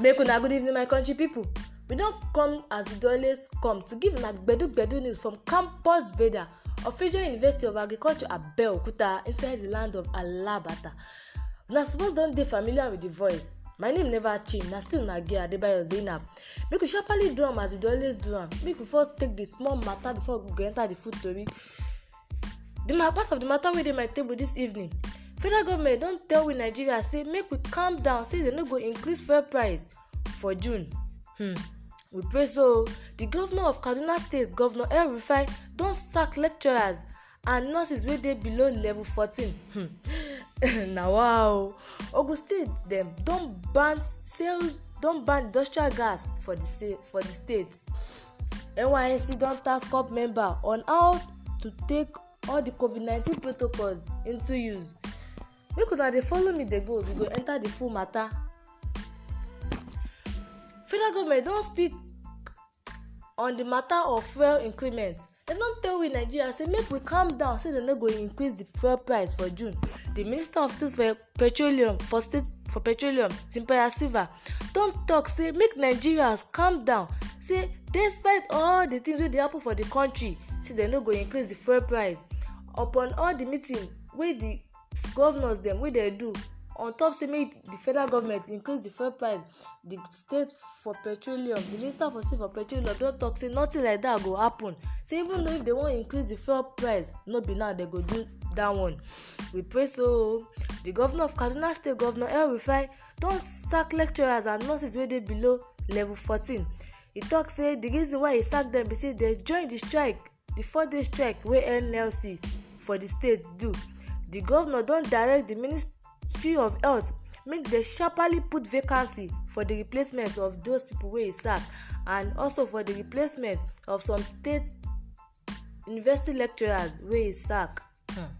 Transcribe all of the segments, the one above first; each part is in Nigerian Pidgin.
make una good evening my country pipo we don come as we dey always come to give una gbedu-gbedu news from campus veda of federal university of agriculture abeokuta inside the land of alabata una suppose don dey familiar with the voice my name never change na still nage adebayo zainab make we sharparly do am as we dey always do am make we first take the small matter before we go enter the food tori the part of the matter wey dey my table this evening federal government don tell we nigeria say make we calm down say dem no go increase fuel price for june hmm. we pray so di governor of kaduna state Governor el-rufai don sack lecturers and nurses wey dey below level fourteen. hmm. na wow ogun state dem don ban sales don ban industrial gas for di for di state nysc don task up member on how to take all di covid nineteen protocols into use make una dey follow me dey go we go enter the full matter federal government don speak on the matter of fuel increment dem don tell we nigeria say make we calm down say dem no go increase the fuel price for june the minister of state for petroleum for state for petroleum timpaya silva don talk say make nigerians calm down say despite all the things wey dey happen for the country say dem no go increase the fuel price upon all the meeting wey the governors dem wey dey do on top say make the federal government increase the fuel price the state for petroleum the minister for state for petroleum don talk say nothing like that go happen So even though if they wan increase the fuel price no be now they go do that one we pray so o the governor of kaduna state governor el rufai don sack lecturers and nurses wey dey below level fourteen e talk say the reason why e sack dem be say dem join the strike the four day strike wey nlc for the state do di govnor don direct di ministry of health make dem sharply put vacancy for di replacement of those pipo wey e sack and also for di replacement of some state university lecturers wey e sack. Hmm.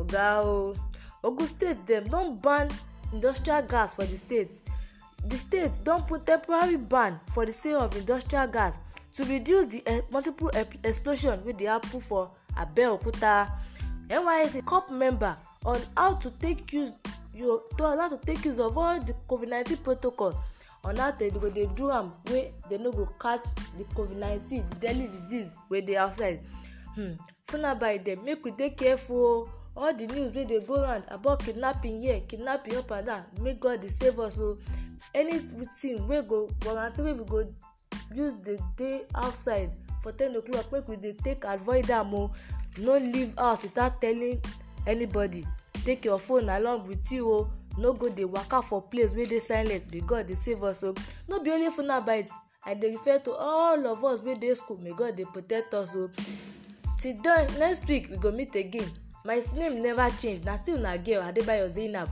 oga o ogun state dem don ban industrial gas for di state di state don put temporary ban for di sale of industrial gas to reduce di multiple explosion wey dey happen for abeokuta NYSC COP member on how to take use your to how to take use of all the COVID-19 protocol on how to go dey do am wey dem no go catch the COVID-19 the deadly disease wey dey outside hmm funabai dem make we dey careful o oh. all the news wey dey go round about kidnapping here kidnapping up and down make god dey save us o oh. anything wey go warranty wey we go use dey dey outside for ten o'clock make we dey take avoid am o oh no leave house without telling anybody take your phone along with you o oh. no go dey waka for place wey dey silent may god dey save us o oh. no be only funabites i dey refer to all of us wey dey school may god dey protect us o oh. till then next week we go meet again my name never change na still una girl adebayo zainab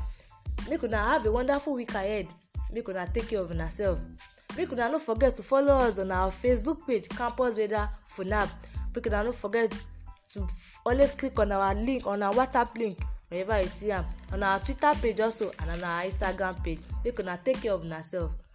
make una have a wonderful week ahead make una take care of una sef make una no forget to follow us on our facebook page campus weather funab make una no forget to always click on our link on our whatsapp link whenever you see am on our twitter page also and on our instagram page make una take care of una sef